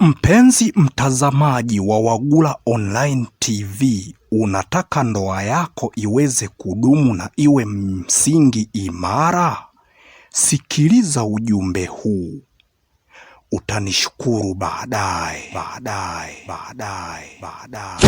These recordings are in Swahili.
Mpenzi mtazamaji wa Wagula Online TV, unataka ndoa yako iweze kudumu na iwe msingi imara? Sikiliza ujumbe huu, utanishukuru baadaye, baadaye, baadaye, baadaye.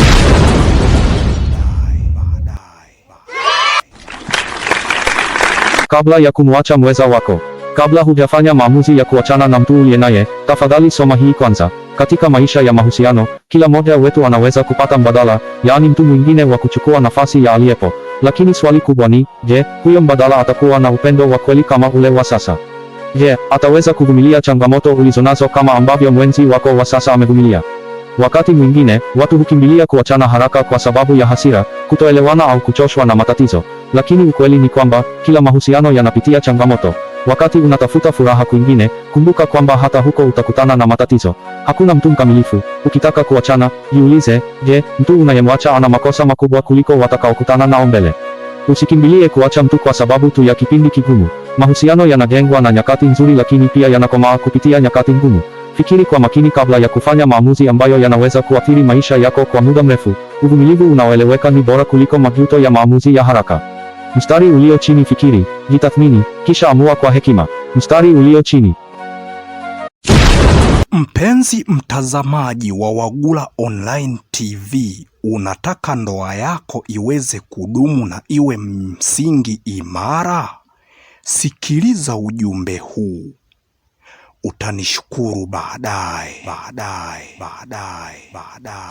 Kabla ya kumwacha mweza wako, kabla hujafanya maamuzi ya kuachana na mtu uliye naye, tafadhali soma hii kwanza. Katika maisha ya mahusiano, kila mmoja wetu anaweza kupata mbadala, yaani mtu mwingine wa kuchukua nafasi ya aliyepo. Lakini swali kubwa ni, je, huyo mbadala atakuwa na upendo wa kweli kama ule wa sasa? Je, ataweza kuvumilia changamoto ulizonazo kama ambavyo mwenzi wako wa sasa amevumilia? Wakati mwingine, watu hukimbilia kuachana haraka kwa sababu ya hasira, kutoelewana au kuchoshwa na matatizo. Lakini ukweli ni kwamba kila mahusiano yanapitia changamoto. Wakati unatafuta furaha kwingine, kumbuka kwamba hata huko utakutana na matatizo. Hakuna mtu mkamilifu. Ukitaka kuachana, jiulize, je, mtu unayemwacha ana makosa makubwa kuliko watakaokutana nao mbele? Usikimbilie kuacha mtu kwa sababu tu ya kipindi kigumu. Mahusiano yanajengwa na nyakati nzuri, lakini pia yanakomaa kupitia nyakati ngumu. Fikiri kwa makini kabla ya kufanya maamuzi ambayo yanaweza kuathiri maisha yako kwa muda mrefu. Uvumilivu unaoeleweka ni bora kuliko majuto ya maamuzi ya haraka. Mstari ulio chini fikiri, jitathmini, kisha amua kwa hekima. Mstari ulio chini. Mpenzi mtazamaji wa Wagula Online TV, unataka ndoa yako iweze kudumu na iwe msingi imara? Sikiliza ujumbe huu, utanishukuru baadaye, baadaye, baadaye, baadaye.